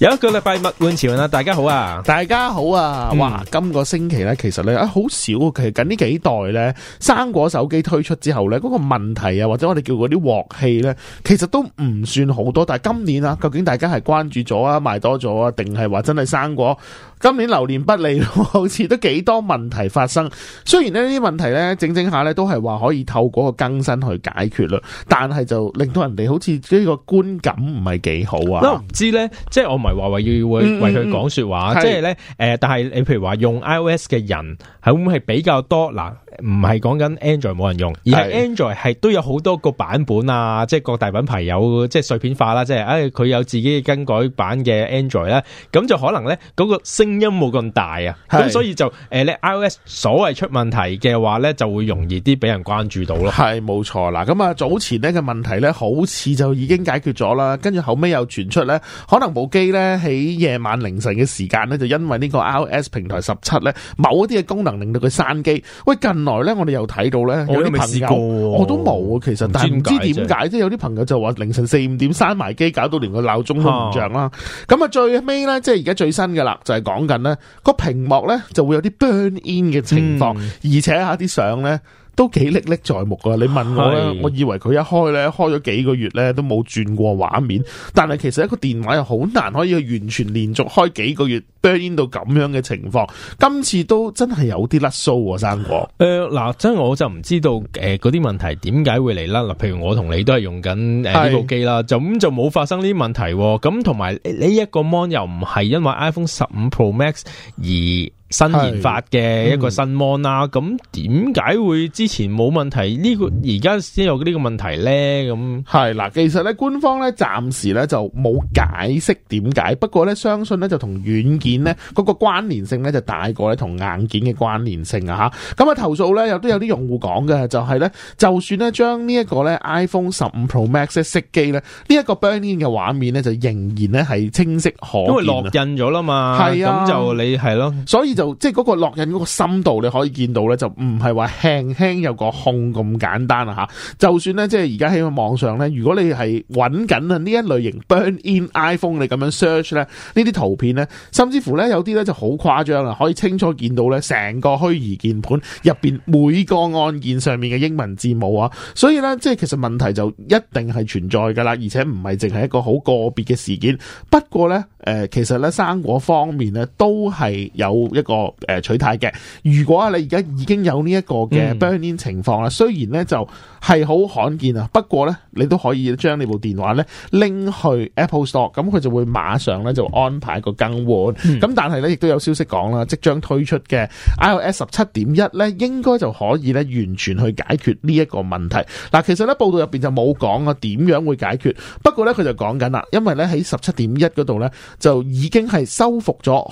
有一個禮拜物玩潮人啊！大家好啊，嗯、大家好啊！哇，今個星期呢，其實呢，啊，好少其實，近呢幾代呢，生果手機推出之後呢，嗰、那個問題啊，或者我哋叫嗰啲鑊氣呢，其實都唔算好多。但係今年啊，究竟大家係關注咗啊，賣多咗啊，定係話真係生果？今年流年不利，好似都幾多問題發生。雖然呢啲問題呢，整整下呢都係話可以透過個更新去解決啦，但係就令到人哋好似呢個觀感唔係幾好啊。都唔知呢，即係我華為要會為佢講說話，即係咧，誒是、呃，但係你譬如話用 iOS 嘅人，係會唔會係比較多嗱？唔係講緊 Android 冇人用，而係 Android 係都有好多個版本啊！即係各大品牌有即係碎片化啦，即係誒佢有自己嘅更改版嘅 Android 啦，咁就可能咧嗰個聲音冇咁大啊，咁所以就誒咧 iOS 所謂出問題嘅話咧，就會容易啲俾人關注到咯。係冇錯啦，咁啊早前咧嘅問題咧，好似就已經解決咗啦，跟住後屘又傳出咧，可能部機咧喺夜晚凌晨嘅時間咧，就因為呢個 iOS 平台十七咧某一啲嘅功能令到佢關機，喂近。原來咧，我哋又睇到咧，有啲朋友我，我都冇，啊，其實但係唔知點解，即係有啲朋友就話凌晨四五點閂埋機，搞到連個鬧鐘都唔着啦。咁啊，最尾咧，即係而家最新嘅啦，就係講緊咧個屏幕咧就會有啲 burn in 嘅情況，嗯、而且吓啲相咧。都幾歷歷在目噶，你問我，是我以為佢一開咧，開咗幾個月咧都冇轉過畫面，但係其實一個電話又好難可以完全連續開幾個月，burn 到咁樣嘅情況。今次都真係有啲甩鬚喎。生果。誒、呃，嗱，真係我就唔知道誒嗰啲問題點解會嚟啦。嗱，譬如我同你都係用緊誒呢部機啦，就咁就冇發生呢啲問題，啊。咁同埋呢一個 mon 又唔係因為 iPhone 十五 Pro Max 而。新研發嘅一個新 mon 啦，咁點解會之前冇問題？呢個而家先有呢個問題咧？咁係嗱，其實咧官方，咧暫時咧就冇解釋點解，不過咧相信咧就同軟件咧嗰個關聯性咧就大過咧同硬件嘅關聯性啊，吓。咁啊投訴咧又都有啲用戶講嘅，就係咧就算咧將呢一個咧 iPhone 十五 Pro Max 咧熄機咧，呢一個 burn-in 嘅畫面咧就仍然咧係清晰可，因為落印咗啦嘛。係啊，咁就你係咯，所以。就即係嗰個烙印嗰個深度，你可以見到咧，就唔係話輕輕有個空咁簡單啦吓，就算咧，即係而家喺個網上咧，如果你係揾緊啊呢一類型 burn-in iPhone，你咁樣 search 咧，呢啲圖片咧，甚至乎咧有啲咧就好誇張啦，可以清楚見到咧，成個虛擬鍵盤入邊每個按鍵上面嘅英文字母啊，所以咧，即係其實問題就一定係存在噶啦,而且唔係淨係一個好個別嘅事件。不過咧，誒，其實咧生果方面咧都係有一。個誒取態嘅，如果啊你而家已經有呢一個嘅 burning 情況啦，雖然咧就係好罕見啊，不過咧你都可以將呢部電話咧拎去 Apple Store，咁佢就會馬上咧就安排個更換。咁但係咧亦都有消息講啦，即將推出嘅 iOS 十七點一咧，應該就可以咧完全去解決呢一個問題。嗱，其實咧報道入邊就冇講啊點樣會解決，不過咧佢就講緊啦，因為咧喺十七點一嗰度咧就已經係修復咗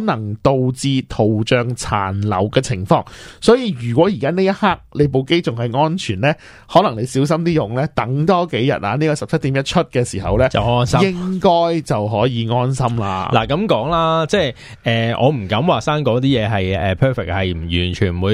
可能導致圖像殘留嘅情況，所以如果而家呢一刻你部機仲係安全呢，可能你小心啲用呢，等多幾日啊！呢個十七點一出嘅時候呢，就安心，應該就可以安心啦。嗱咁講啦，即係誒、呃，我唔敢話生講啲嘢係誒 perfect，係唔完全唔會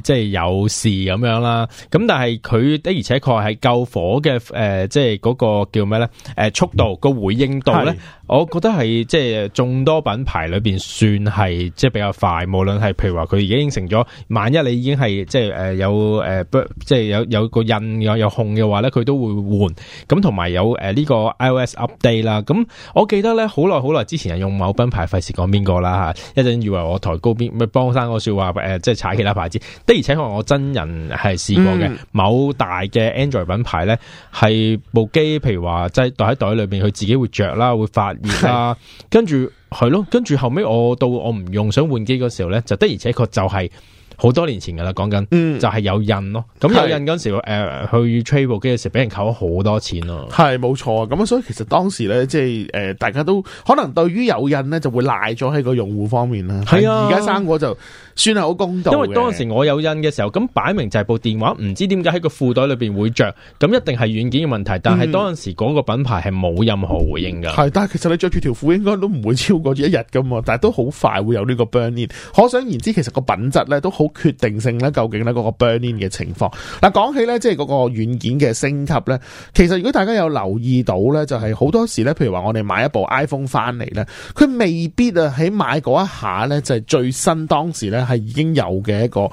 即係有事咁樣啦。咁但係佢的而且確係救火嘅，誒、呃，即係嗰個叫咩呢？誒、呃，速度、個回應度呢，是我覺得係即係眾多品牌裏邊算係即係比較。快，無論係譬如話佢已經應承咗，萬一你已經係、呃呃、即係誒有誒即係有有個印有有控嘅話咧，佢都會換。咁同埋有誒呢、呃這個 iOS update 啦。咁我記得咧好耐好耐之前係用某品牌，費事講邊個啦吓。一陣以為我抬高邊，咪幫翻我說話誒、呃，即係踩其他牌子。的而且確我真人係試過嘅，嗯、某大嘅 Android 品牌咧係部機，譬如話即係袋喺袋裏邊，佢自己會着啦，會發熱啦， 跟住。係咯，跟住後尾我到我唔用想換機嗰時候呢，就的而且確就係。好多年前噶啦，講緊、嗯、就係有印咯。咁有印嗰陣時，誒是、呃、去 trade 部機嘅時候，俾人扣咗好多錢咯。係冇錯，咁所以其實當時咧，即係誒，大家都可能對於有印咧，就會賴咗喺個用戶方面啦。係啊，而家生果就算係好公道，因為當時我有印嘅時候，咁擺明就係部電話唔知點解喺個褲袋裏邊會着，咁一定係軟件嘅問題。但係當時嗰個品牌係冇任何回應噶。係、嗯，但係其實你着住條褲應該都唔會超過一日噶嘛，但係都好快會有呢個 burn in。可想而知，其實個品質咧都好。決定性咧，究竟咧嗰個 burn in 嘅情況。嗱，講起咧，即係嗰個軟件嘅升級咧。其實如果大家有留意到咧，就係、是、好多時咧，譬如話我哋買一部 iPhone 翻嚟咧，佢未必啊喺買嗰一下咧就係、是、最新當時咧係已經有嘅一個誒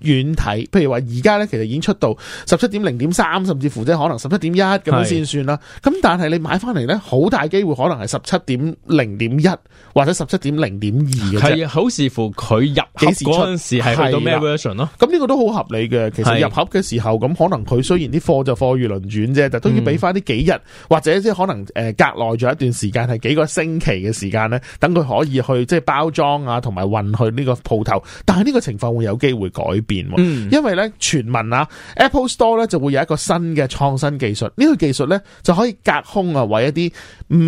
軟體。嗯、譬如話而家咧其實已經出到十七點零點三，甚至乎即係可能十七點一咁先算啦。咁是但係你買翻嚟咧，好大機會可能係十七點零點一或者十七點零點二嘅啫。係好視乎佢入殼嗰陣時係，係咩咯？咁呢個都好合理嘅。其實入盒嘅時候，咁可能佢雖然啲貨就貨如輪轉啫，就都要俾翻啲幾日，嗯、或者即係可能誒隔耐咗一段時間，係幾個星期嘅時間咧，等佢可以去即係包裝啊，同埋運去呢個鋪頭。但係呢個情況會有機會改變，嗯、因為咧傳聞啊，Apple Store 咧就會有一個新嘅創新技術。呢、呢個技術咧就可以隔空啊，為一啲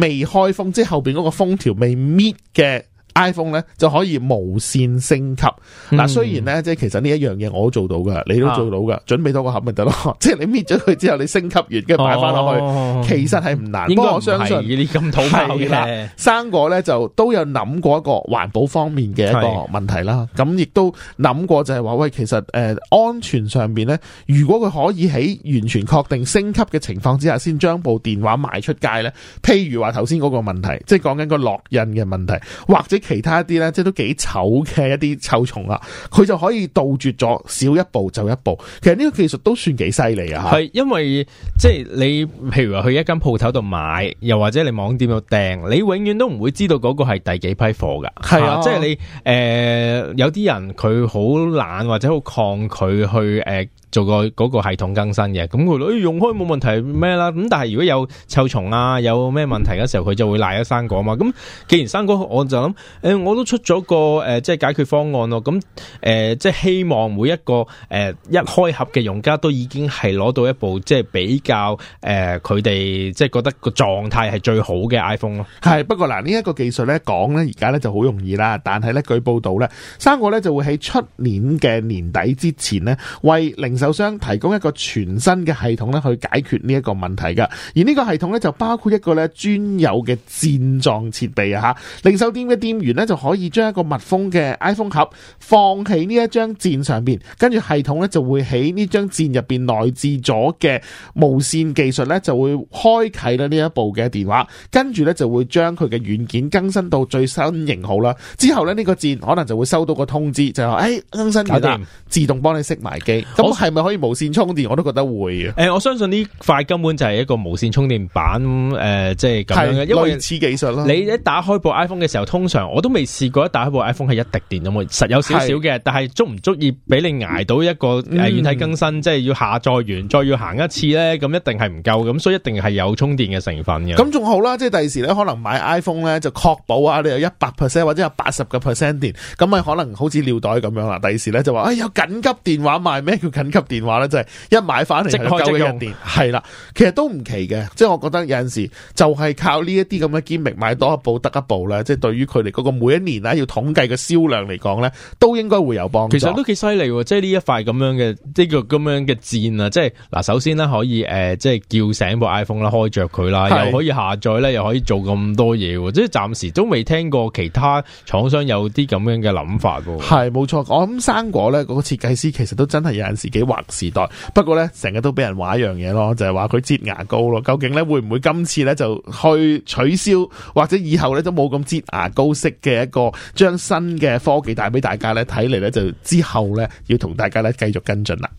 未開封即係後邊嗰個封條未搣嘅。iPhone 咧就可以無線升級。嗱、嗯，雖然咧即係其實呢一樣嘢我都做到噶，你都做到噶，啊、準備多個盒咪得咯。 即係你搣咗佢之後，你升級完跟住擺翻落去，哦、其實係唔難。不過我相信呢啲咁土炮嘅啦。生果咧就都有諗過一個環保方面嘅一個問題啦。咁亦都諗過就係話喂，其實誒、呃、安全上邊咧，如果佢可以喺完全確定升級嘅情況之下，先將部電話賣出街咧。譬如話頭先嗰個問題，即係講緊個烙印嘅問題，或者。其他一啲咧，即係都幾醜嘅一啲臭蟲啊，佢就可以杜絕咗少一步就一步。其實呢個技術都算幾犀利啊！係因為即係你，譬如話去一間鋪頭度買，又或者你網店度訂，你永遠都唔會知道嗰個係第幾批貨噶。係啊，啊，即係你誒、呃，有啲人佢好懶或者好抗拒去誒。呃做個嗰個系統更新嘅，咁佢都用開冇問題咩啦？咁但係如果有臭蟲啊，有咩問題嘅時候，佢就會賴一生果嘛。咁既然生果，我就諗、欸，我都出咗個即係、呃、解決方案咯。咁、呃、即係希望每一個、呃、一開盒嘅用家都已經係攞到一部即係比較佢哋即係覺得個狀態係最好嘅 iPhone 咯。係，不過嗱，呢、這、一個技術咧講咧，而家咧就好容易啦。但係咧據報道咧，生果咧就會喺出年嘅年底之前呢。為零。零售商提供一個全新嘅系統咧，去解決呢一個問題嘅。而呢個系統咧就包括一個咧專有嘅戰狀設備啊吓。零售店嘅店員咧就可以將一個密封嘅 iPhone 盒放喺呢一張箭上邊，跟住系統咧就會喺呢張箭入邊內置咗嘅無綫技術咧就會開啟咧呢一部嘅電話，跟住咧就會將佢嘅軟件更新到最新型號啦。之後咧呢個箭可能就會收到個通知，就話誒、哎、更新軟件，定自動幫你熄埋機。咁係。咪可以無線充電，我都覺得會，欸、我相信呢塊根本就係一個無線充電板，呃、即係咁樣是因為類似技術啦，你一打開一部 iPhone 嘅時候，通常我都未試過一打開一部 iPhone 係一滴電咁喎，實有少少嘅，是但係足唔足以俾你捱到一個誒軟體更新，嗯、即係要下載完再要行一次咧，咁一定係唔夠咁，所以一定係有充電嘅成分嘅。咁仲好啦，即係第時咧可能買 iPhone 咧就確保啊你有一百 percent 或者有八十個 percent 電，咁咪可能好似尿袋咁樣啦。第時咧就話哎，有緊急電話賣咩，叫緊急？電話咧，即係一買翻嚟即開即用，係啦，其實都唔奇嘅，即係我覺得有陣時就係靠呢一啲咁嘅堅力買多一部得一部啦，即係對於佢哋嗰個每一年啦要統計嘅銷量嚟講咧，都應該會有幫助。其實都幾犀利喎，即係呢一塊咁樣嘅即叫咁樣嘅戰啊，即係嗱，首先咧可以誒，即係叫醒部 iPhone 啦，開着佢啦，又可以下載咧，又可以做咁多嘢，即係暫時都未聽過其他廠商有啲咁樣嘅諗法噶。係冇錯，我諗生果咧嗰個設計師其實都真係有陣時幾。劃時代，不過呢，成日都俾人話一樣嘢咯，就係話佢擠牙膏咯。究竟呢會唔會今次呢就去取消，或者以後呢都冇咁擠牙膏式嘅一個將新嘅科技帶俾大家呢？睇嚟呢，就之後呢要同大家呢繼續跟進啦。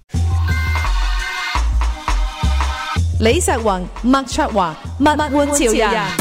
李石雲、麥卓華、物玩潮人。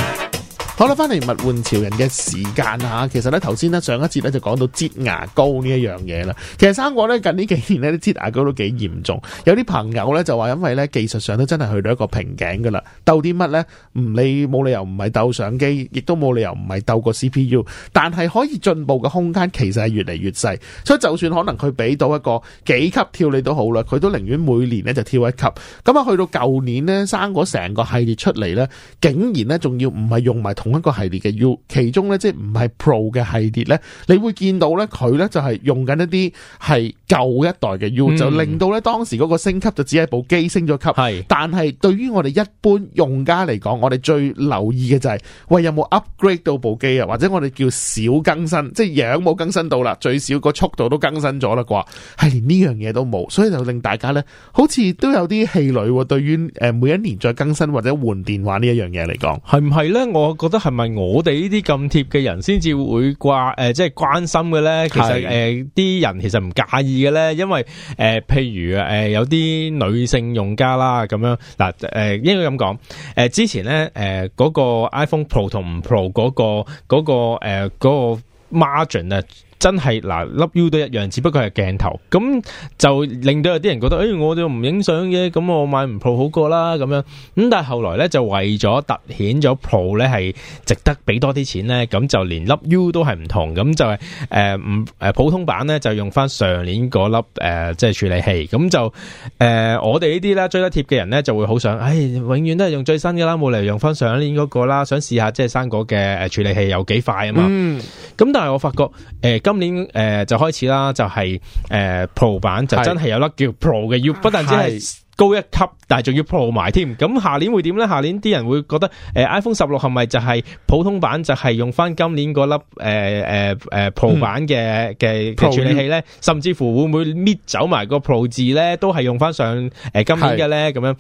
好啦，翻嚟《物玩潮人》嘅時間啊，其實咧頭先咧上一節咧就講到擠牙膏呢一樣嘢啦。其實生果咧近呢幾年咧啲擠牙膏都幾嚴重，有啲朋友咧就話因為咧技術上都真係去到一個瓶頸噶啦，鬥啲乜咧，唔理冇理由唔係鬥相機，亦都冇理由唔係鬥個 CPU，但係可以進步嘅空間其實係越嚟越細，所以就算可能佢俾到一個幾級跳你都好啦，佢都寧願每年咧就跳一級。咁啊去到舊年咧生果成個系列出嚟咧，竟然咧仲要唔係用埋同，同一個系列嘅 U，其中咧即係唔係 Pro 嘅系列咧，你會見到咧佢咧就係用緊一啲係舊一代嘅 U，嗯，就令到咧當時嗰個升級就只係部機升咗級，係。但係對於我哋一般用家嚟講，我哋最留意嘅就係，喂，有冇 upgrade 到部機啊？或者我哋叫小更新，即係樣冇更新到啦，最少個速度都更新咗啦啩？係，連呢樣嘢都冇，所以就令大家咧好似都有啲氣餒。對於誒每一年再更新或者換電話呢一樣嘢嚟講，係唔係咧？我覺得係咪我哋呢啲咁貼嘅人先至會掛誒、呃，即係關心嘅咧？其實誒，啲是的、呃、人其實唔介意嘅咧，因為誒、呃，譬如誒、呃，有啲女性用家啦，咁樣嗱，誒、呃，應該咁講，誒、呃，之前咧，誒、呃，嗰、那個 iPhone Pro 同唔 Pro 嗰、那個嗰、那個誒，呃那個 margin 啊。真係嗱，粒、啊、U 都一樣，只不過係鏡頭，咁就令到有啲人覺得，誒、哎，我哋唔影相嘅，咁我買唔 Pro 好過啦，咁樣咁、嗯、但係後來咧，就為咗突顯咗 Pro 咧係值得俾多啲錢咧，咁就連粒 U 都係唔同，咁就係唔、呃、普通版咧就用翻上年嗰粒、呃、即係處理器，咁就、呃、我哋呢啲咧追得貼嘅人咧就會好想，誒、哎，永遠都係用最新嘅啦，冇理由用翻上一年嗰個啦，想試下即係生果嘅誒處理器有幾快啊嘛。咁、嗯、但係我發覺、呃今年誒、呃、就開始啦，就係、是、誒、呃、Pro 版就真係有粒叫 Pro 嘅，要是，不但只係高一級，但係仲要 Pro 埋添。咁下年會點咧？下年啲人會覺得誒、呃、iPhone 十六係咪就係普通版？就係、是、用翻今年嗰粒誒誒誒 Pro 版嘅嘅、嗯、處理器咧？Pro. 甚至乎會唔會搣走埋個 Pro 字咧？都係用翻上誒今年嘅咧？咁是樣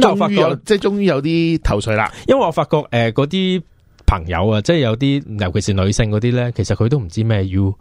咁我發覺即係終於有啲、就是、頭緒啦，因為我發覺誒嗰啲。呃朋友啊，即係有啲，尤其是女性嗰啲咧，其實佢都唔知咩 u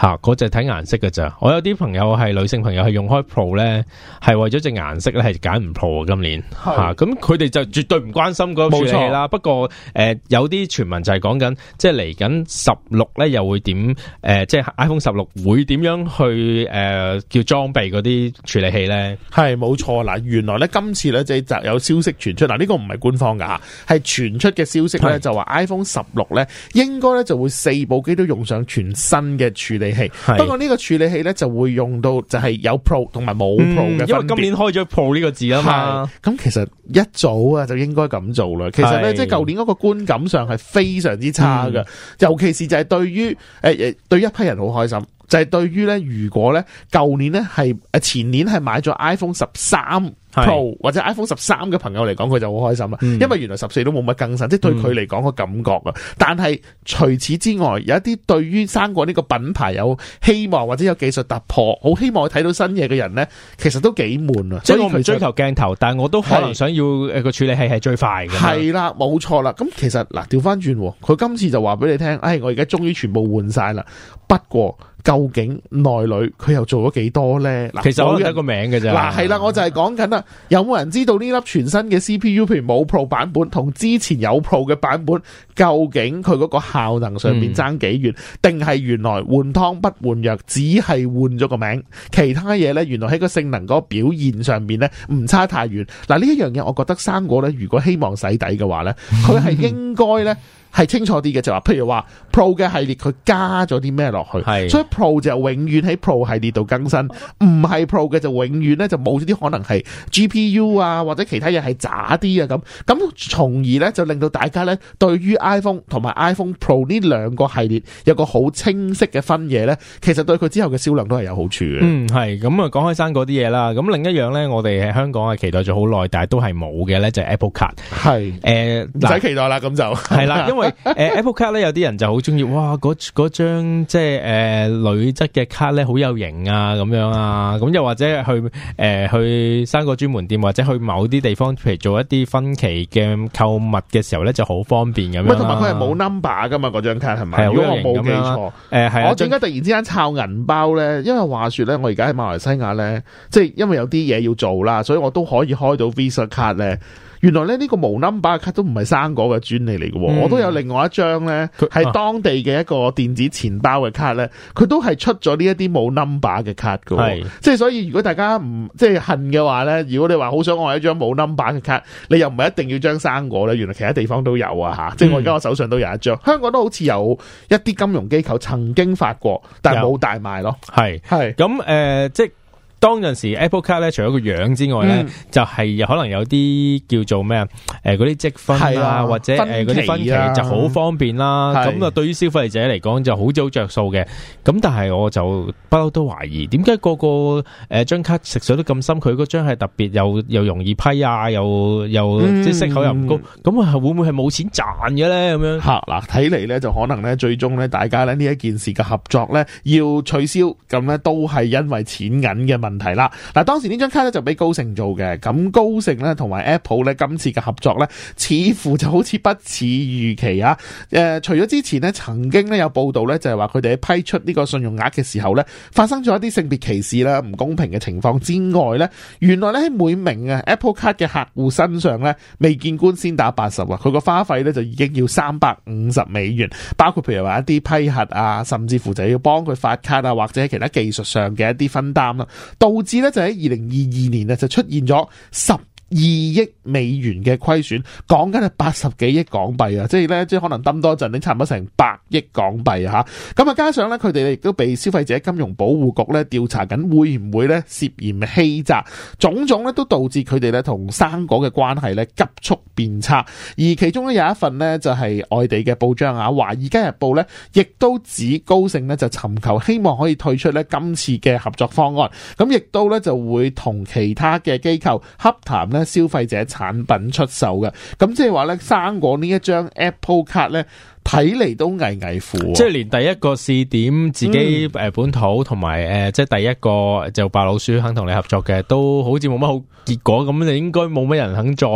吓，嗰隻睇顏色嘅咋？我有啲朋友係女性朋友，係用開 Pro 咧，係為咗只顏色咧，係揀唔 Pro 今年吓，咁佢哋就絕對唔關心嗰處理器啦。冇錯。不過，誒、呃、有啲傳聞就係講緊，即係嚟緊十六咧又會點？誒、呃，即係 iPhone 十六會點樣去誒、呃、叫裝備嗰啲處理器咧？係，冇錯。嗱，原來咧今次咧就有消息傳出，嗱，呢個唔係官方噶，係傳出嘅消息咧就話 iPhone 十六咧應該咧就會四部機都用上全新嘅處理器。係，不過呢個處理器咧就會用到，就係有 pro 同埋冇 pro 嘅、嗯，因為今年開咗 pro 呢個字啊嘛。咁其實一早啊就應該咁做啦。其實咧，是即係舊年嗰個觀感上係非常之差㗎，嗯、尤其是就係對於誒誒，對一批人好開心。就係對於咧，如果咧舊年咧係前年係買咗 iPhone 十三 Pro 或者 iPhone 十三嘅朋友嚟講，佢就好開心啦，因為原來十四都冇乜更新，即係對佢嚟講個感覺啊。但係除此之外，有一啲對於生果呢個品牌有希望或者有技術突破，好希望睇到新嘢嘅人咧，其實都幾悶啊。所以我唔追求鏡頭，但我都可能想要誒個處理器係最快嘅。係啦，冇錯啦。咁其實嗱，調翻轉佢今次就話俾你聽，誒、哎、我而家終於全部換晒啦，不過，究竟內裏佢又做咗幾多呢？其實好有一個名嘅啫。嗱係啦，我就係講緊啦，有冇人知道呢粒全新嘅 CPU 譬如，冇 Pro 版本同之前有 Pro 嘅版本，究竟佢嗰個效能上面爭幾遠？定係、嗯、原來換湯不換藥，只係換咗個名，其他嘢呢，原來喺個性能嗰表現上面呢，唔差太遠。嗱呢一樣嘢，我覺得生果呢，如果希望洗底嘅話呢，佢係應該呢。係清楚啲嘅，就話譬如話 Pro 嘅系列佢加咗啲咩落去，是所以 Pro 就永遠喺 Pro 系列度更新，唔係 Pro 嘅，就永遠咧就冇咗啲，可能係 GPU 啊或者其他嘢係渣啲啊，咁，咁從而咧就令到大家咧對於 iPhone 同埋 iPhone Pro 呢兩個系列有個好清晰嘅分野咧，其實對佢之後嘅銷量都係有好處嘅，嗯。嗯，係咁啊，講開生嗰啲嘢啦，咁另一樣咧，我哋喺香港係期待咗好耐，但係都係冇嘅咧，就係、Apple Card 係誒，唔使是、呃、期待啦，咁就係啦，的 誒，Apple 卡咧， Card 有啲人就好中意，哇！嗰張即係誒、呃、女質嘅卡咧，好有型啊，咁樣啊，咁又或者去誒、呃、去三個專門店，或者去某啲地方，譬如做一啲分期嘅購物嘅時候咧，就好方便咁、啊、樣。同埋佢係冇 number 㗎嘛，嗰張卡係咪？如果我冇記錯，誒係、啊。啊、我點解突然之間抄銀包咧？因為話說咧，我而家喺馬來西亞咧，即係因為有啲嘢要做啦，所以我都可以開到 Visa 卡咧。原來咧呢個冇 number 卡都唔係生果嘅專利嚟嘅，嗯、我都有另外一張咧，係當地嘅一個電子錢包嘅卡咧，佢、啊、都係出咗呢一啲冇 number 嘅卡嘅，即係是所以如果大家唔即係恨嘅話咧，如果你話好想愛一張冇 number 嘅卡，你又唔係一定要張生果咧，原來其他地方都有啊吓。嗯、即係我而家我手上都有一張，香港都好似有一啲金融機構曾經發過，但係冇大賣咯，係係咁誒，即當陣時 Apple Card 咧，除咗個樣之外咧，嗯、就係可能有啲叫做咩，呃、啊？誒、啊，嗰啲積分啦，或者誒嗰啲分期就好方便啦。咁啊是，對於消費者嚟講就好早着數嘅。咁但係我就不嬲都懷疑，點解個個誒張卡食水都咁深？佢嗰張係特別又又容易批啊，又又即係息口又唔高。咁啊、嗯，會唔會係冇錢賺嘅咧？咁樣吓嗱，睇嚟咧就可能咧，最終咧大家咧呢一件事嘅合作咧要取消，咁咧都係因為錢銀嘅嘛。問題啦，嗱，當時呢張卡咧就俾高盛做嘅，咁高盛咧同埋 Apple 咧今次嘅合作咧，似乎就好似不似預期啊。誒、呃，除咗之前咧曾經咧有報道咧，就係話佢哋喺批出呢個信用額嘅時候咧，發生咗一啲性別歧視啦、唔公平嘅情況之外咧，原來咧喺每名啊 Apple Card 嘅客戶身上咧，未見官先打八十啊，佢個花費咧就已經要三百五十美元，包括譬如話一啲批核啊，甚至乎就要幫佢發卡啊，或者其他技術上嘅一啲分擔啦。導致咧就喺二零二二年咧就出現咗十。二億美元嘅虧損，講緊係八十幾億港幣啊！即係咧，即係可能等多陣，你差唔多成百億港幣嚇。咁啊，加上咧，佢哋亦都被消費者金融保護局咧調查緊，會唔會咧涉嫌欺詐？種種咧都導致佢哋咧同生果嘅關係咧急速變差。而其中咧有一份呢，就係外地嘅報章啊，《華爾街日報》咧亦都指高盛咧就尋求希望可以退出咧今次嘅合作方案。咁亦都咧就會同其他嘅機構洽談咧。消費者產品出售嘅，咁即係話咧，生果呢一張 Apple 卡咧，睇嚟，都危危乎，即係連第一個試點自己誒本土同埋誒，即係第一個就白老鼠肯同你合作嘅，都好似冇乜好結果，咁就應該冇乜人肯再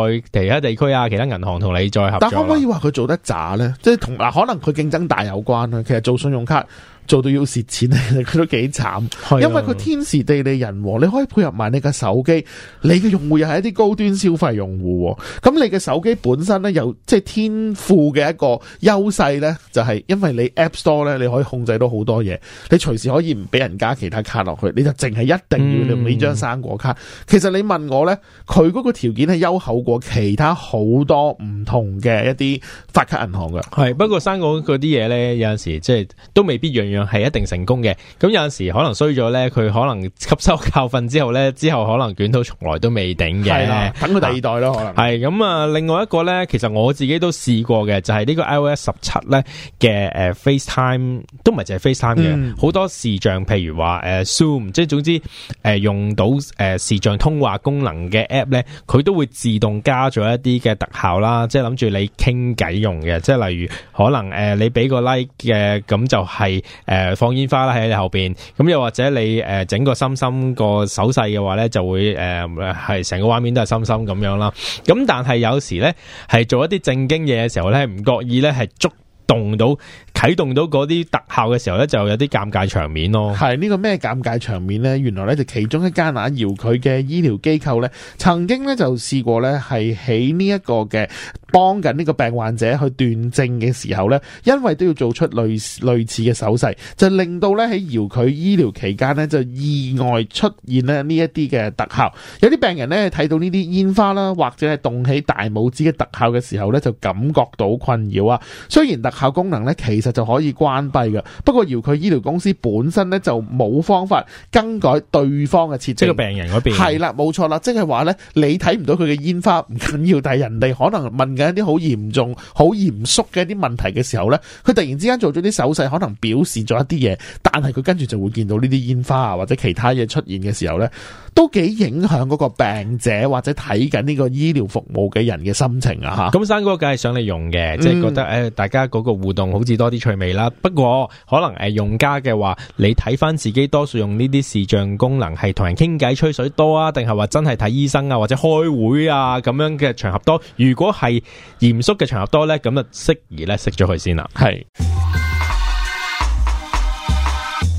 其他地區啊，其他銀行同你再合作。但可唔可以話佢做得渣咧？即係同嗱，可能佢競爭大有關，其實做信用卡。做到要蝕錢咧，佢 都幾慘慘。的因為佢天時地利人和，你可以配合埋你嘅手機，你嘅用戶又係一啲高端消費用戶。咁你嘅手機本身咧，有即係天賦嘅一個優勢咧，就係因為你 App Store 咧，你可以控制到好多嘢，你隨時可以唔俾人加其他卡落去，你就淨係一定要用呢張生果卡。嗯、其實你問我咧，佢嗰個條件係優厚過其他好多唔同嘅一啲發卡銀行嘅。係，不過生果嗰啲嘢咧，有陣時即係都未必樣係一定成功嘅，咁有陣時可能衰咗呢，佢可能吸收教訓之後呢，之後可能捲土重來都未頂嘅，係啦，等佢第二代咯，可能係咁啊。另外一個呢，其實我自己都試過嘅，就係、是、呢個 iOS 十七呢嘅誒 FaceTime，都唔係淨係 FaceTime 嘅，好、嗯、多視像，譬如話誒 Zoom，即係總之誒用到誒視像通話功能嘅 App 呢，佢都會自動加咗一啲嘅特效啦，即係諗住你傾偈用嘅，即係例如可能誒你俾個 like 嘅，咁就係、是。誒、呃，放煙花啦喺你後邊，咁又或者你誒、呃、整個心心個手勢嘅話咧，就會誒係成個畫面都係心心咁樣啦。咁但係有時咧係做一啲正經嘢嘅時候咧，唔覺意咧係捉動到啟動到嗰啲特效嘅時候咧，就有啲尷尬場面咯。係呢、呢個咩尷尬場面呢？原來呢，就其中一間阿姚佢嘅醫療機構呢，曾經呢，就試過呢，係喺呢一個嘅幫緊呢個病患者去斷症嘅時候呢，因為都要做出類類似嘅手勢，就令到呢，喺姚佢醫療期間呢，就意外出現呢呢一啲嘅特效。有啲病人呢睇到呢啲煙花啦，或者係動起大拇指嘅特效嘅時候呢，就感覺到困擾啊。雖然特效果功能咧，其實就可以關閉嘅。不過遙距醫療公司本身咧，就冇方法更改對方嘅設定。即係病人嗰邊，係啦，冇錯啦。即係話咧，你睇唔到佢嘅煙花唔緊要，但係人哋可能問緊一啲好嚴重、好嚴肅嘅一啲問題嘅時候咧，佢突然之間做咗啲手勢可能表示咗一啲嘢，但係佢跟住就會見到呢啲煙花啊或者其他嘢出現嘅時候咧，都幾影響嗰個病者或者睇緊呢個醫療服務嘅人嘅心情啊！吓。咁山哥梗係想嚟用嘅，即係覺得誒大家，那個個互動好似多啲趣味啦，不過可能誒、呃，用家嘅話，你睇翻自己，多數用呢啲視像功能係同人傾偈吹水多啊，定係話真係睇醫生啊，或者開會啊咁樣嘅場合多。如果係嚴肅嘅場合多那就適呢，咁啊適宜咧，熄咗佢先啦。係。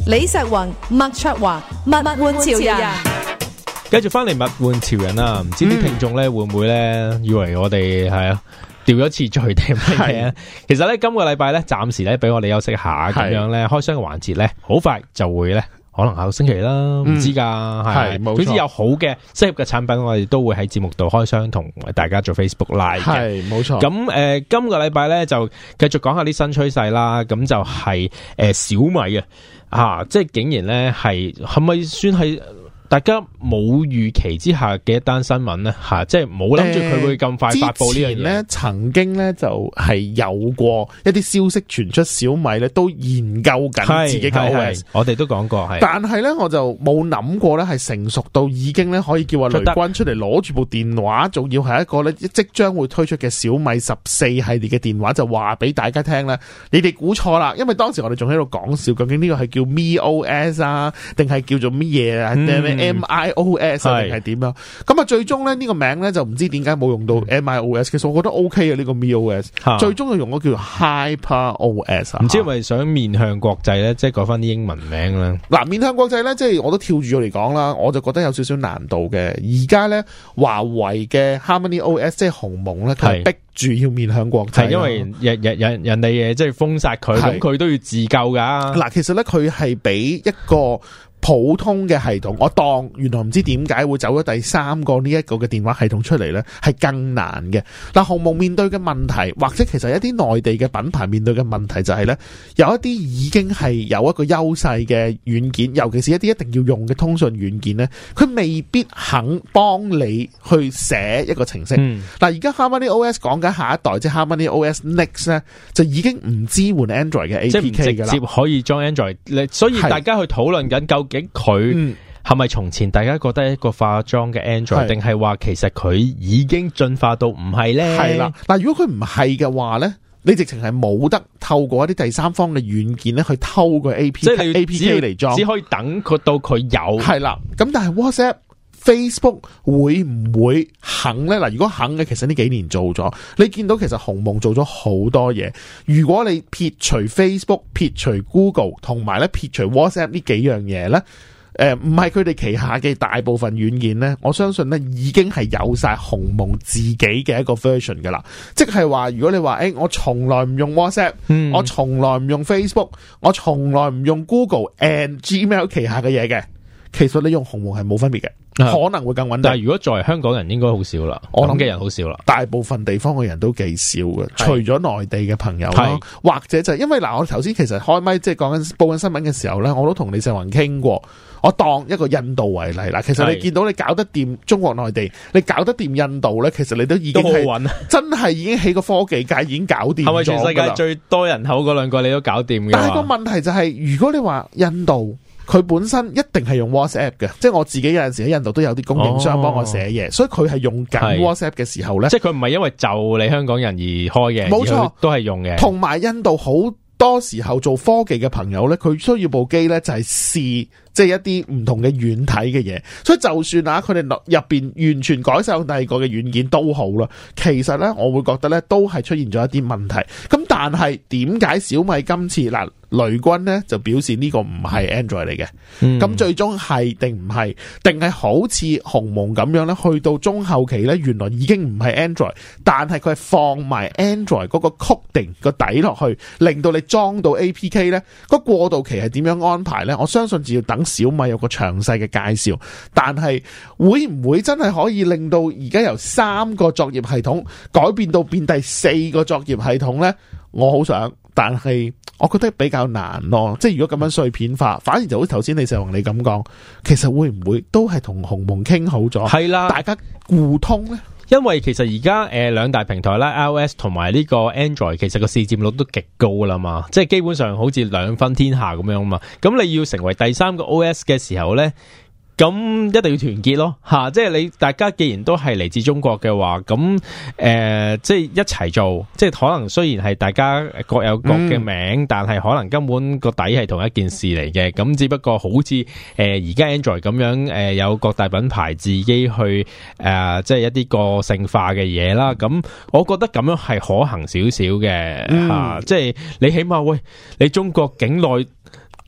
李石云、麥卓華、物玩潮人，繼續翻嚟物玩潮人啦。唔知啲聽眾呢會唔會呢，以為我哋係、嗯、啊？掉咗次再聽咩嘢啊？是其實咧今個禮拜咧，暫時咧俾我哋休息下，咁是樣咧開箱嘅環節咧，好快就會咧，可能下個星期啦，唔、嗯、知噶係。總之有好嘅適合嘅產品，我哋都會喺節目度開箱同大家做 Facebook Live 係，係，冇錯。咁誒、呃，今個禮拜咧就繼續講下啲新趨勢啦。咁就係、是、誒、呃、小米啊，吓即係竟然咧係，係咪算係？大家冇預期之下嘅一單新聞咧嚇，即係冇諗住佢會咁快發布呢樣嘢。之前咧曾經咧就係有過一啲消息傳出，小米咧都研究緊自己嘅 OS。我哋都講過係，但係咧我就冇諗過咧係成熟到已經咧可以叫阿雷軍出嚟攞住部電話，仲要係一個咧即將會推出嘅小米十四系列嘅電話，就話俾大家聽咧。你哋估錯啦，因為當時我哋仲喺度講笑，究竟呢個係叫 MiOS 啊，定係叫做乜嘢啊？M I O S 定係點啊？咁啊，最終咧呢、這個名咧就唔知點解冇用到 M I O S。其實我覺得、OK 這個、O K 嘅呢個 M I O S，, S, 是 最終就用咗叫做 Hyper O S。唔知係咪想面向國際咧，即係改翻啲英文名啦。嗱、啊，面向國際咧，即、就、係、是、我都跳住咗嚟講啦，我就覺得有少少難度嘅。而家咧，華為嘅 Harmony O S 即係鴻蒙咧，係逼住要面向國際、啊，因為人人人人哋嘢即係封殺佢，咁佢是都要自救噶、啊。嗱、啊，其實咧佢係俾一個。嗯普通嘅系統我當原來唔知點解會走咗第三個呢一個嘅電話系統出嚟咧，係更難嘅。嗱，鴻蒙面對嘅問題或者其實一啲內地嘅品牌面對嘅問題就係、是、咧，有一啲已經係有一個優勢嘅軟件，尤其是一啲一定要用嘅通訊軟件咧，佢未必肯幫你去寫一個程式。嗱，而、嗯、家 Harmony OS 講緊下一代，即係 Harmony OS Next 咧，就已經唔支援 Android 嘅 APK 啦，直接可以裝 Android。所以大家去討論緊究竟。佢係咪從前大家覺得一個化妝嘅 Android，定係話其實佢已經進化到唔係咧？係啦，但係如果佢唔係嘅話咧，你直情係冇得透過一啲第三方嘅軟件咧去偷個 APK，即係 APK 嚟裝，只可以等佢到佢有係啦。咁但係 WhatsApp。Facebook 會唔會肯呢？嗱，如果肯嘅，其實呢幾年做咗。你見到其實鴻蒙做咗好多嘢。如果你撇除 Facebook、撇除 Google 同埋咧撇除 WhatsApp 呢幾樣嘢呢，誒唔係佢哋旗下嘅大部分軟件呢，我相信呢已經係有晒鴻蒙自己嘅一個 version 噶啦。即係話，如果你話誒、欸，我從來唔用 WhatsApp、嗯、我從來唔用 Facebook，我從來唔用 Google and Gmail 旗下嘅嘢嘅。其實你用紅毛係冇分別嘅，的可能會更穩。但係如果作為香港人應該，應該好少啦。我諗嘅人好少啦，大部分地方嘅人都幾少嘅，的除咗內地嘅朋友是的或者就係、因為嗱，我頭先其實開咪即係講緊報緊新聞嘅時候呢，我都同李世宏傾過。我當一個印度為例啦，其實你見到你搞得掂中國內地，你搞得掂印度呢，其實你都已經係真係已經起個科技界已經搞掂，係咪全世界最多人口嗰兩個你都搞掂嘅？但係個問題就係、是，如果你話印度。佢本身一定係用 WhatsApp 嘅，即係我自己有陣時喺印度都有啲供應商幫我寫嘢，哦、所以佢係用緊 WhatsApp 嘅時候呢，即係佢唔係因為就你香港人而開嘅，冇錯都係用嘅。同埋印度好多時候做科技嘅朋友呢，佢需要部機呢，就係試即係一啲唔同嘅軟體嘅嘢，所以就算啊佢哋入邊完全改晒第二個嘅軟件都好啦，其實呢，我會覺得呢都係出現咗一啲問題。咁但係點解小米今次嗱？雷軍咧就表示個、嗯、是是呢個唔係 Android 嚟嘅，咁最終係定唔係，定係好似鴻蒙咁樣咧？去到中後期咧，原來已經唔係 Android，但係佢係放埋 Android 嗰個曲 g 個底落去，令你裝到你裝到 APK 咧個過渡期係點樣安排咧？我相信只要等小米有個詳細嘅介紹，但係會唔會真係可以令到而家由三個作業系統改變到變第四個作業系統咧？我好想。但係，我覺得比較難咯、啊。即係如果咁樣碎片化，反而就好似頭先李石宏你咁講，其實會唔會都係同鴻蒙傾好咗？係啦的，大家互通呢。因為其實而家誒兩大平台啦，iOS 同埋呢個 Android，其實個市佔率都極高啦嘛。即係基本上好似兩分天下咁樣嘛。咁你要成為第三個 OS 嘅時候呢。咁一定要團結咯，吓，即係你大家既然都係嚟自中國嘅話，咁誒、呃，即係一齊做，即係可能雖然係大家各有各嘅名，嗯、但係可能根本個底係同一件事嚟嘅，咁只不過好似誒而、呃、家 Android 咁樣，誒、呃、有各大品牌自己去誒、呃，即係一啲個性化嘅嘢啦。咁我覺得咁樣係可行少少嘅，吓、嗯啊，即係你起碼喂你中國境內。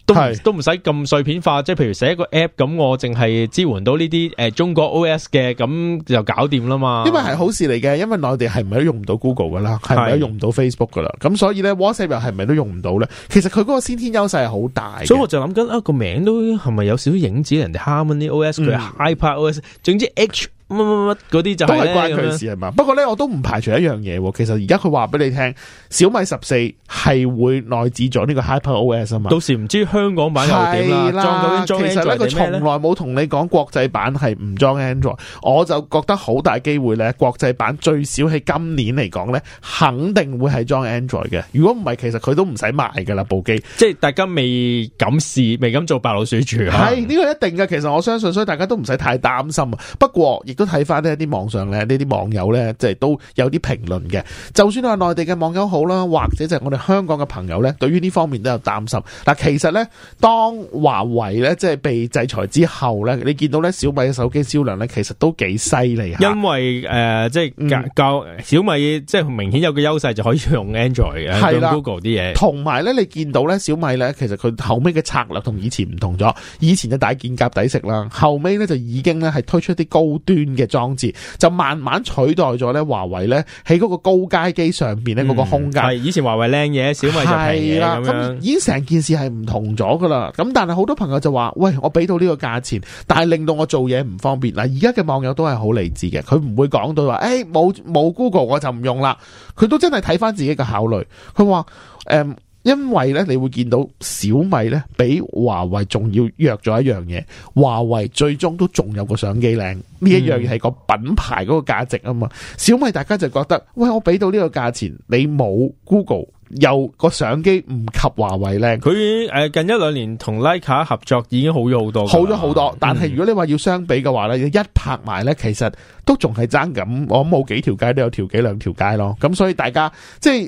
都都唔使咁碎片化，即係譬如寫一個 app，咁我淨係支援到呢啲誒中國 OS 嘅，咁就搞掂啦嘛。因為係好事嚟嘅，因為內地係唔係都用唔到 Google 噶啦，係咪都用唔到 Facebook 噶啦，咁所以咧，WhatsApp 又係咪都用唔到咧？其實佢嗰個先天優勢係好大，所以我就諗緊啊，個名都係咪有少少影子人哋 HarmonyOS 佢係 HyperOS，嗯、總之 H。乜乜乜嗰啲就都係關佢事係嘛？樣不過咧，我都唔排除一樣嘢。其實而家佢話俾你聽，小米十四係會內置咗呢個 HyperOS 啊嘛。到時唔知香港版又點啦。裝究竟裝 Android？其實咧，佢從來冇同你講國際版係唔裝 Android。我就覺得好大機會咧，國際版最少喺今年嚟講咧，肯定會係裝 Android 嘅。如果唔係，其實佢都唔使賣噶啦部機。即係大家未敢試，未敢做白老鼠住。係呢個一定嘅。其實我相信，所以大家都唔使太擔心啊。不過，亦都睇翻呢一啲網上咧呢啲網友咧，即係都有啲評論嘅。就算係內地嘅網友好啦，或者就係我哋香港嘅朋友咧，對於呢方面都有擔心。嗱，其實咧，當華為咧即係被制裁之後咧，你見到咧小米嘅手機銷量咧，其實都幾犀利嚇。因為誒、呃，即係、嗯、教小米即係明顯有個優勢，就可以用 Android 嘅，係啦，Google 啲嘢。同埋咧，你見到咧小米咧，其實佢後尾嘅策略同以前唔同咗。以前就大件夾抵食啦，後尾咧就已經咧係推出一啲高端。嘅裝置就慢慢取代咗咧，華為咧喺嗰個高階機上面咧嗰個空間、嗯。以前華為靚嘢，小米就平嘢咁樣。咁已經成件事係唔同咗噶啦。咁但係好多朋友就話：喂，我俾到呢個價錢，但係令到我做嘢唔方便。嗱，而家嘅網友都係好理智嘅，佢唔會講到話：誒、欸，冇冇 Google 我就唔用啦。佢都真係睇翻自己嘅考慮。佢話：誒、嗯。因為咧，你會見到小米咧，比華為仲要弱咗一樣嘢。華為最終都仲有個相機靚，呢一樣嘢係個品牌嗰個價值啊嘛。嗯、小米大家就覺得，喂，我俾到呢個價錢，你冇 Google，又個相機唔及華為靚。佢誒近一兩年同徠卡合作已經好咗好多，好咗好多。但係如果你話要相比嘅話咧，一拍埋咧，其實都仲係爭咁，我諗冇幾條街都有條幾兩條街咯。咁所以大家即係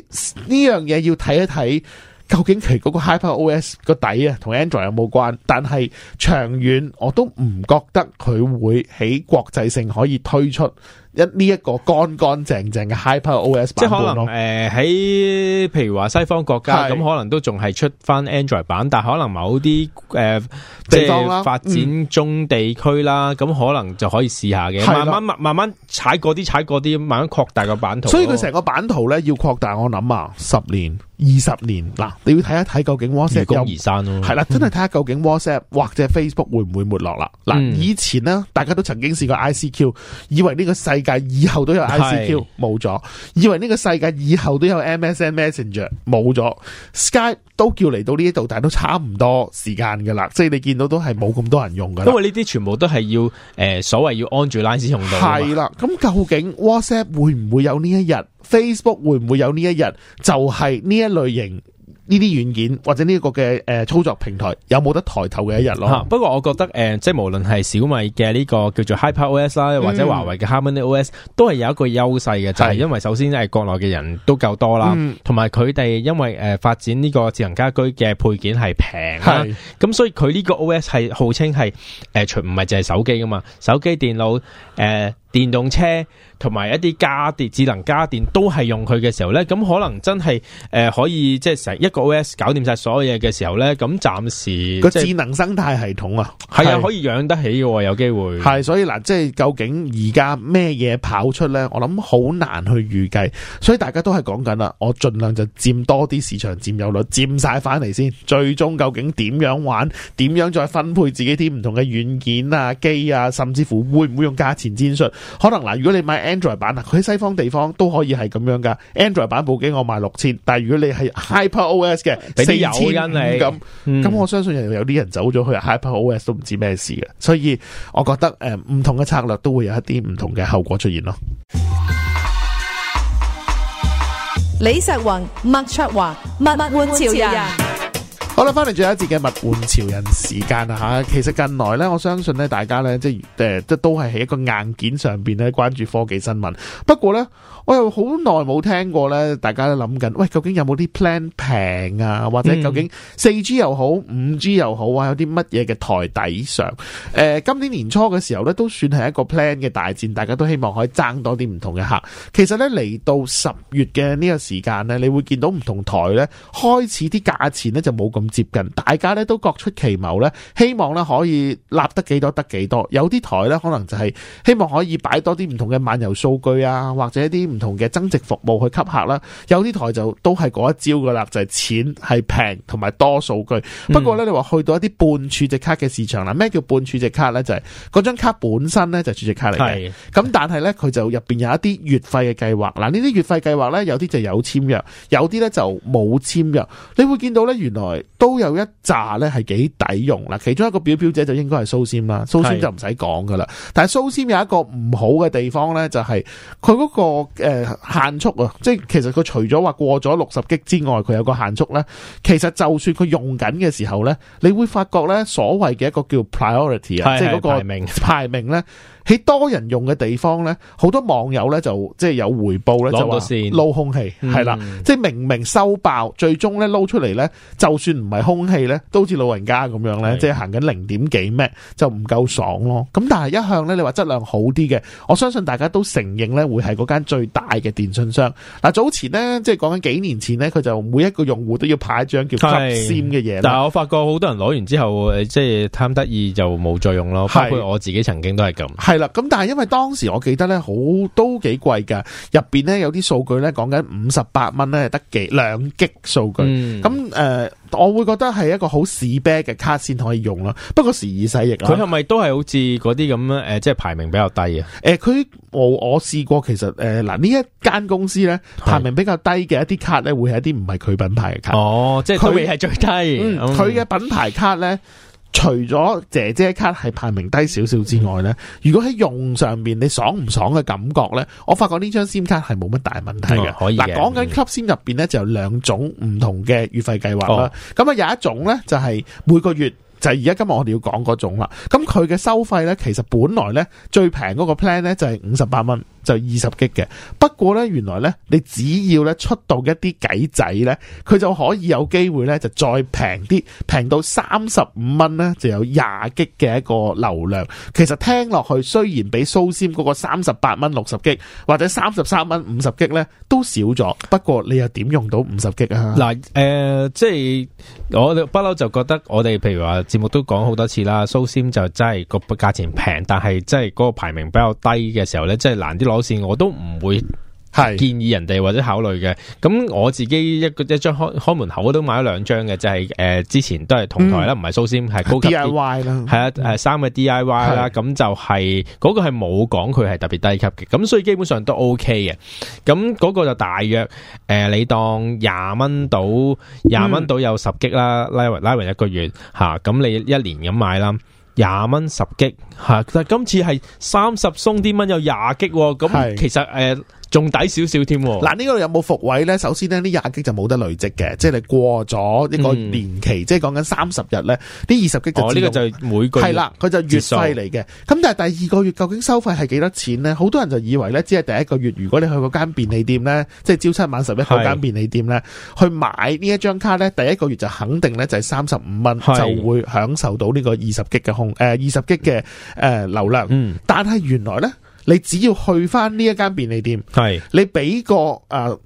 呢樣嘢要睇一睇。究竟佢嗰個 HyperOS 個底啊，同 Android 有冇關？但係長遠，我都唔覺得佢會喺國際性可以推出一呢一個乾乾淨淨嘅 HyperOS 版本咯。即係可能誒，喺譬如話西方國家咁，可能都仲係出翻 Android 版，但可能某啲誒，即係發展中地區啦，咁可能就可以試下嘅。慢慢慢慢慢踩嗰啲踩嗰啲，慢慢擴大個版圖。所以佢成個版圖咧要擴大，我諗啊，十年。二十年嗱，你要睇一睇究竟 WhatsApp。如工而生咯、啊，係啦，真係睇下究竟 WhatsApp 或者 Facebook 會唔會沒落啦？嗱、嗯，以前呢，大家都曾經試過 ICQ，以為呢個世界以後都有 ICQ，冇咗；以為呢個世界以後都有 MSN Messenger，冇咗。Skype 都叫嚟到呢一度，但係都差唔多時間噶啦，即係你見到都係冇咁多人用噶啦。因為呢啲全部都係要誒、呃，所謂要安卓 Line 使用到。係啦，咁究竟 WhatsApp 會唔會有呢一日？Facebook 會唔會有呢一日？就係、是、呢一類型呢啲軟件或者呢個嘅誒操作平台有冇得抬頭嘅一日咯、啊？不過我覺得誒、呃，即係無論係小米嘅呢個叫做 HyperOS 啦，或者華為嘅 HarmonyOS，都係有一個優勢嘅。嗯、就係因為首先係國內嘅人都夠多啦，同埋佢哋因為誒發展呢個智能家居嘅配件係平啦，咁是所以佢呢個 OS 係號稱係誒除唔係就係手機噶嘛，手機電腦誒。呃電動車同埋一啲家電智能家電都係用佢嘅時候呢，咁可能真係誒可以即係成一個 OS 搞掂晒所有嘢嘅時候呢。咁暫時個智能生態系統啊，係啊，是可以養得起喎，有機會係，所以嗱，即係究竟而家咩嘢跑出呢？我諗好難去預計，所以大家都係講緊啦，我盡量就佔多啲市場佔有率，佔晒返嚟先，最終究竟點樣玩？點樣再分配自己啲唔同嘅軟件啊機啊，甚至乎會唔會用價錢戰術？可能嗱，如果你買 Android 版啊，佢喺西方地方都可以係咁樣噶。Android 版部機我賣六千，但係如果你係 HyperOS 嘅四千咁，咁我相信有有啲人走咗去 HyperOS 都唔知咩事嘅。所以我覺得誒，唔同嘅策略都會有一啲唔同嘅後果出現咯。李石宏、麥卓華、物玩潮人。好啦，翻嚟最後一節嘅物玩潮人時間吓，其實近來咧，我相信咧，大家咧，即係，誒，即都係喺一個硬件上邊咧，關注科技新聞，不過咧。我又好耐冇聽過呢，大家都諗緊，喂，究竟有冇啲 plan 平啊？或者究竟四 G 又好，五 G 又好啊？有啲乜嘢嘅台底上？誒、呃，今年年初嘅時候呢，都算係一個 plan 嘅大戰，大家都希望可以爭多啲唔同嘅客。其實呢，嚟到十月嘅呢個時間呢，你會見到唔同台呢開始啲價錢呢就冇咁接近，大家呢都各出奇謀呢，希望呢可以立得幾多得幾多。有啲台呢，可能就係希望可以擺多啲唔同嘅漫遊數據啊，或者一啲唔唔同嘅增值服務去吸客啦，有啲台就都係嗰一招噶啦，就係錢係平同埋多數據。不過呢，你話去到一啲半儲值卡嘅市場啦，咩叫半儲值卡呢？就係嗰張卡本身呢，就儲值卡嚟嘅。咁但係呢，佢就入邊有一啲月費嘅計劃。嗱，呢啲月費計劃呢，有啲就有簽約，有啲呢就冇簽約。你會見到呢，原來都有一紮呢係幾抵用啦。其中一個表表姐就應該係蘇仙啦，蘇仙就唔使講噶啦。但係蘇仙有一個唔好嘅地方呢，就係佢嗰個誒，限速啊！即係其實佢除咗話過咗六十 G 之外，佢有個限速咧。其實就算佢用緊嘅時候咧，你會發覺咧，所謂嘅一個叫 priority 啊是，即係嗰個排名排名咧。喺多人用嘅地方呢，好多網友呢就即係有回報呢就話攞到線，撈空氣，係啦，了嗯、即係明明收爆，最終呢撈出嚟呢，就算唔係空氣呢，都好似老人家咁樣呢，的即係行緊零點幾咩，就唔夠爽咯。咁但係一向呢，你話質量好啲嘅，我相信大家都承認呢會係嗰間最大嘅電訊商。嗱，早前呢，即係講緊幾年前呢，佢就每一個用戶都要派一張叫急線嘅嘢。的但係我發覺好多人攞完之後，即係貪得意就冇再用咯。包括我自己曾經都係咁。咁但係因為當時我記得咧，好都幾貴噶，入邊咧有啲數據咧講緊五十八蚊咧得幾兩 G 數據，咁誒、嗯嗯、我會覺得係一個好市啤嘅卡先可以用咯，不過時而世易、啊，佢係咪都係好似嗰啲咁樣？誒、呃，即係排名比較低啊？誒、呃，佢我我試過，其實誒嗱呢一間公司咧排名比較低嘅一啲卡咧會係一啲唔係佢品牌嘅卡，哦，即係佢未係最低，佢嘅、嗯嗯、品牌卡咧。除咗姐姐卡係排名低少少之外呢，如果喺用上面你爽唔爽嘅感覺呢，我發覺呢張 SIM 卡係冇乜大問題嘅、哦。可以的，講緊 Club SIM 入邊呢，就有兩種唔同嘅月費計劃啦。咁啊、哦，有一種呢，就係每個月就係而家今日我哋要講嗰種啦。咁佢嘅收費呢，其實本來呢，最平嗰個 plan 呢，就係五十八蚊。就二十 G 嘅，不過咧原來咧你只要咧出到一啲計仔咧，佢就可以有機會咧就再平啲，平到三十五蚊咧就有廿 G 嘅一個流量。其實聽落去雖然比蘇仙嗰個三十八蚊六十 G 或者三十三蚊五十 G 咧都少咗，不過你又點用到五十 G 啊？嗱、呃，誒、呃，即係我哋不嬲就覺得我哋譬如話節目都講好多次啦，蘇仙就真係個價錢平，但係真係嗰、嗰個排名比較低嘅時候咧，真係難啲攞。我都唔會係建議人哋或者考慮嘅，咁是我自己一個一張開開門口都買咗兩張嘅，就係、是、誒、呃、之前都係同台啦，唔係蘇仙係高級 D 的、啊、I Y 啦、嗯，係啊誒三嘅 D I Y 啦，咁就係嗰個係冇講佢係特別低級嘅，咁是所以基本上都 O K 嘅，咁、那、嗰個就大約誒、呃、你當廿蚊到廿蚊到有十擊啦，嗯、拉匀拉匀一個月吓，咁、啊、你一年咁買啦。廿蚊十擊，吓！但今次係三十鬆啲蚊有廿擊，咁其實誒，是呃仲抵少少添。嗱，呢個有冇伏位咧？首先呢，啲廿激就冇得累積嘅，即係你過咗呢個年期，嗯、即係講緊三十日咧，啲二十激就哦呢、這個就每個月數。係啦，佢就月費嚟嘅。咁但係第二個月究竟收費係幾多錢咧？好多人就以為咧，只係第一個月。如果你去嗰間便利店咧，即係朝七晚十一，嗰間便利店咧，是去買呢一張卡咧，第一個月就肯定咧就係三十五蚊，是就會享受到呢個二十激嘅空誒二十激嘅誒流量。嗯、但係原來咧。你只要去翻呢一間便利店，係是你俾個誒 code、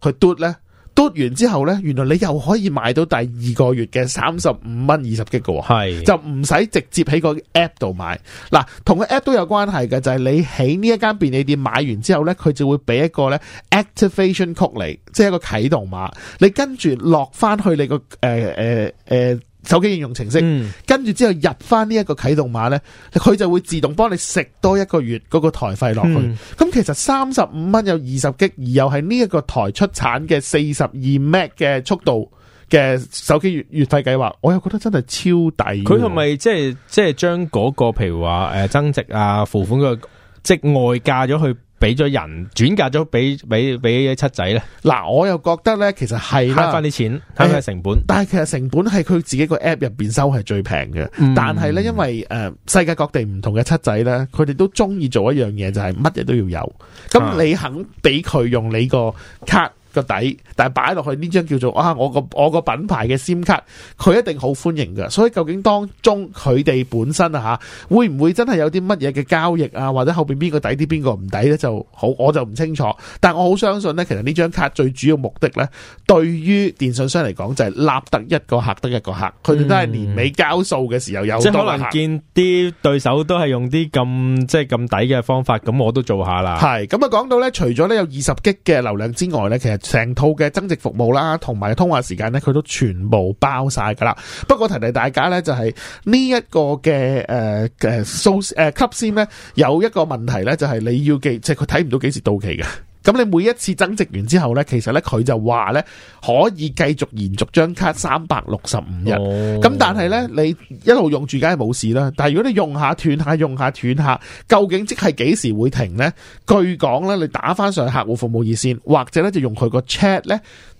uh, 去嘟咧，嘟完之後咧，原來你又可以買到第二個月嘅三十五蚊二十 G 嘅，係是就唔使直接喺個 app 度買。嗱、啊，同個 app 都有關係嘅，就係、是、你喺呢一間便利店買完之後咧，佢就會俾一個咧 activation code 嚟，即係一個啟動碼。你跟住落翻去你個誒誒誒。呃呃呃手機應用程式，跟住、嗯、之後入翻呢一個啟動碼呢，佢就會自動幫你食多一個月嗰個台費落去。咁、嗯、其實三十五蚊有二十 G，而又係呢一個台出產嘅四十二 Mbps 嘅速度嘅手機月月費計劃，我又覺得真係超抵。佢係咪即係即係將嗰、那個譬如話、呃、增值啊付款嘅即外嫁咗去？俾咗人轉嫁咗俾俾俾七仔咧，嗱，我又覺得咧，其實係慳返啲錢，慳返成本。但係其實成本係佢自己個 app 入邊收係最平嘅，但係咧，因為誒世界各地唔同嘅七仔咧，佢哋都鍾意做一樣嘢，就係乜嘢都要有，咁你肯俾佢用你個卡。個底，但係擺落去呢張叫做啊，我個我個品牌嘅 SIM 卡，佢一定好歡迎㗎。所以究竟當中佢哋本身啊吓，會唔會真係有啲乜嘢嘅交易啊，或者後邊邊個抵啲邊個唔抵呢？就好，我就唔清楚。但我好相信呢，其實呢張卡最主要目的呢，對於電信商嚟講就係立得一個客得一個客，佢哋都係年尾交數嘅時候有、嗯、即可能見啲對手都係用啲咁即係咁抵嘅方法，咁我都做下啦。係咁啊，講到呢，除咗呢有二十 G 嘅流量之外呢，其實。成套嘅增值服務啦，同埋通話時間咧，佢都全部包晒噶啦。不過提提大家咧，就係、是、呢一個嘅誒誒數誒級先咧，呃呃、有一個問題咧，就係、是、你要記，即係佢睇唔到幾時到期嘅。咁你每一次增值完之後呢，其實呢，佢就話呢，可以繼續延續張卡三百六十五日。咁、哦、但係呢，你一路用住梗係冇事啦。但係如果你用下斷下用下斷下，究竟即係幾時會停呢？據講呢，你打翻上客戶服務熱線，或者呢，就用佢個 chat 呢。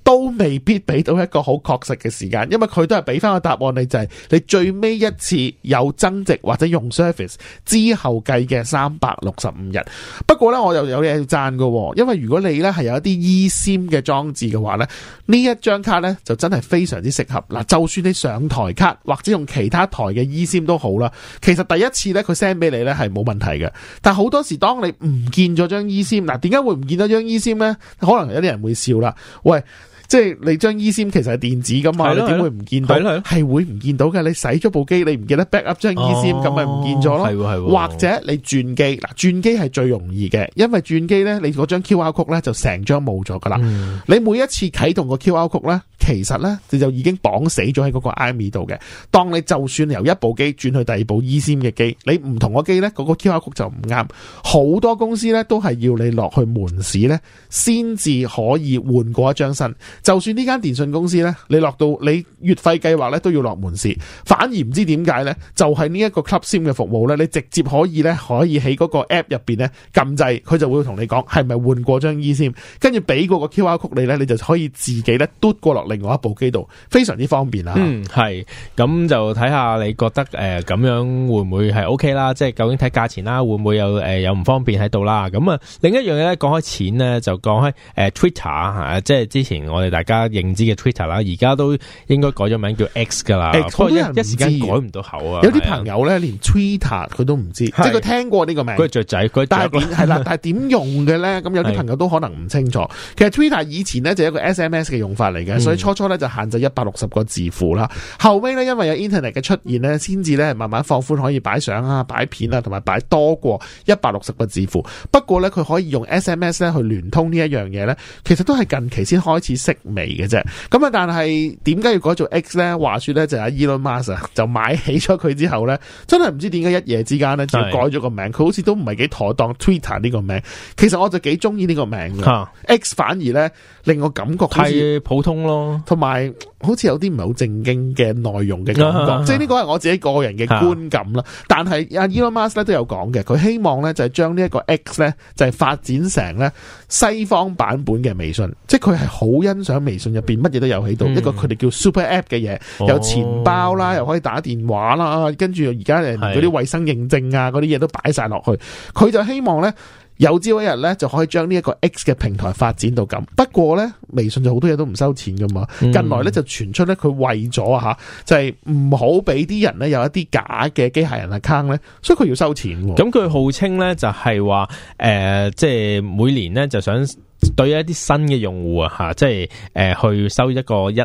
都未必俾到一個好確實嘅時間，因為佢都係俾翻個答案你，就係、是、你最尾一次有增值或者用 service 之後計嘅三百六十五日。不過呢，我又有嘢要讚㗎喎！因為如果你呢係有一啲 eSIM 嘅裝置嘅話呢，呢一張卡呢就真係非常之適合。嗱，就算你上台卡或者用其他台嘅 eSIM 都好啦。其實第一次一、e IM，一 e、呢，佢 send 俾你呢係冇問題嘅，但好多時當你唔見咗張 eSIM，嗱，點解會唔見咗張 eSIM 呢？可能有啲人會笑啦，喂！即係你張 eSIM 其實係電子噶嘛，點的會唔見到？係會唔見到嘅。你洗咗部機，你唔記得 backup 張 eSIM，咁咪唔見咗咯。或者你轉機，嗱，轉機係最容易嘅，因為轉機呢，你嗰張 QR Code 呢，就成張冇咗噶啦。嗯、你每一次啟動個 QR Code 呢，其實呢，你就已經綁死咗喺嗰個 IMEI 度嘅。當你就算由一部機轉去第二部 eSIM 嘅機，你唔同機，嗰個機呢，嗰個 QR Code 就唔啱。好多公司呢，都係要你落去門市呢，先至可以換過一張新。就算呢間電信公司咧，你落到你月費計劃咧都要落門市，反而唔知點解咧，就係呢一個 Club Sim 嘅服務咧，你直接可以咧，可以喺嗰個 app 入邊咧撳掣，佢就會同你講係咪換過張 eSIM，跟住俾個 QR code 你咧，你就可以自己咧嘟過落另外一部機度，非常之方便啦。嗯，係，咁就睇下你覺得誒咁、呃、樣會唔會係 OK 啦？即係究竟睇價錢啦，會唔會有誒、呃、有唔方便喺度啦？咁啊，另一樣嘢咧講開錢咧，就講開誒 Twitter 嚇、啊，即係之前我。大家認知嘅 Twitter 啦，而家都應該改咗名叫 X 㗎喇。X，不過一，人唔知一時間改唔到口啊！有啲朋友咧，對連 Twitter 佢都唔知，是即係佢聽過呢個名。雀仔，佢但係點 啦？但係點用嘅咧？咁有啲朋友都可能唔清楚。其實 Twitter 以前咧就係、一個 SMS 嘅用法嚟嘅，所以初初咧就限制一百六十個字符啦。嗯、後尾咧，因為有 Internet 嘅出現咧，先至咧慢慢放寬，可以擺相啊、擺片啊，同埋擺多過一百六十個字符。不過咧，佢可以用 SMS 咧去聯通呢一樣嘢咧，其實都係近期先開始識。微嘅啫，咁啊，但係點解要改做 X 咧？話說咧，就阿 Elon Musk 就買起咗佢之後咧，真係唔知點解一夜之間咧就改咗個名。佢好似都唔係幾妥當，Twitter 呢個名，其實我就幾中意呢個名嘅。啊、X 反而咧令我感覺係普通咯，同埋好似有啲唔係好正經嘅內容嘅感覺。啊啊啊、即係呢個係我自己個人嘅觀感啦。啊、但係阿 Elon Musk 咧都有講嘅，佢希望咧就係將呢一個 X 咧就係發展成咧西方版本嘅微信，即係佢係好欣。喺微信入邊乜嘢都有喺度，嗯、一個佢哋叫 Super App 嘅嘢，哦、有錢包啦，又可以打電話啦，哦、跟住而家誒嗰啲衛生認證啊，嗰啲嘢都擺晒落去。佢就希望咧，有朝一日咧就可以將呢一個 X 嘅平台發展到咁。不過咧，微信就好多嘢都唔收錢噶嘛。嗯、近來咧就傳出咧，佢為咗吓，就係唔好俾啲人咧有一啲假嘅機械人 account 咧，所以佢要收錢。咁佢號稱咧就係、是、話、誒、呃，即、就、係、是、每年咧就想。對一啲新嘅用戶啊，吓即係誒，去收一個一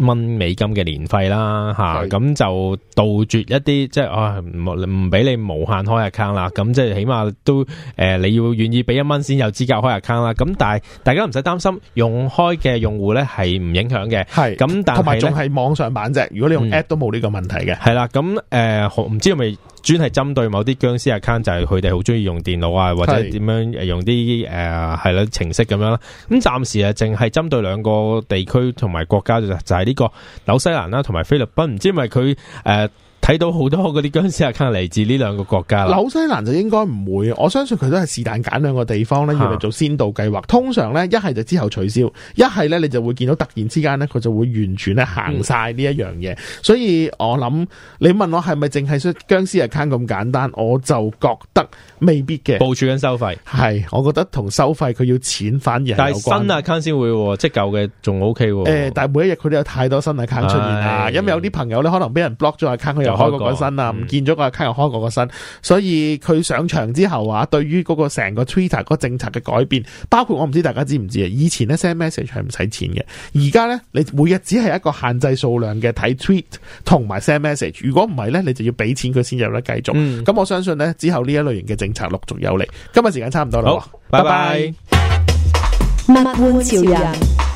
蚊美金嘅年費啦，吓咁就杜絕一啲即係啊，唔唔俾你無限開 account，啦，咁即係起碼都誒你要願意俾一蚊先有資格開 account。啦。咁但係大家唔使擔心，用開嘅用戶咧係唔影響嘅。係咁，但係同埋仲係網上版啫。如果你用 app 都冇呢個問題嘅。係啦，咁誒唔知係咪？專係針對某啲殭屍 account，就係佢哋好中意用電腦啊，或者點樣用啲誒係啦程式咁樣啦。咁暫時啊，淨係針對兩個地區同埋國家，就係呢個紐西蘭啦，同埋菲律賓。唔知因為佢誒。呃睇到好多嗰啲僵屍 account 嚟自呢兩個國家啦。紐西蘭就應該唔會，我相信佢都係是但揀兩個地方咧，要嚟做先導計劃。通常咧，一係就之後取消，一係咧你就會見到突然之間咧，佢就會完全咧行晒呢一樣嘢。嗯、所以我諗你問我係咪淨係想僵屍 account 咁簡單，我就覺得未必嘅。部署緊收費，係我覺得同收費佢要錢，反而但係新 account 先會、哦，即係舊嘅仲 OK 喎。誒，但係每一日佢都有太多新 account 出現唉 因為有啲朋友咧可能俾人 block 咗 account，佢又。開過個身啦，唔見咗個卡又開過個身，所以佢上場之後啊，對於嗰個成個 Twitter 嗰政策嘅改變，包括我唔知大家知唔知啊？以前咧 send message 係唔使錢嘅，而家咧你每日只係一個限制數量嘅睇 tweet 同埋 send message，如果唔係咧，你就要俾錢佢先有得繼續。咁、嗯、我相信咧之後呢一類型嘅政策陸續有嚟。今日時間差唔多啦，好，bye bye 拜拜。物玩潮人。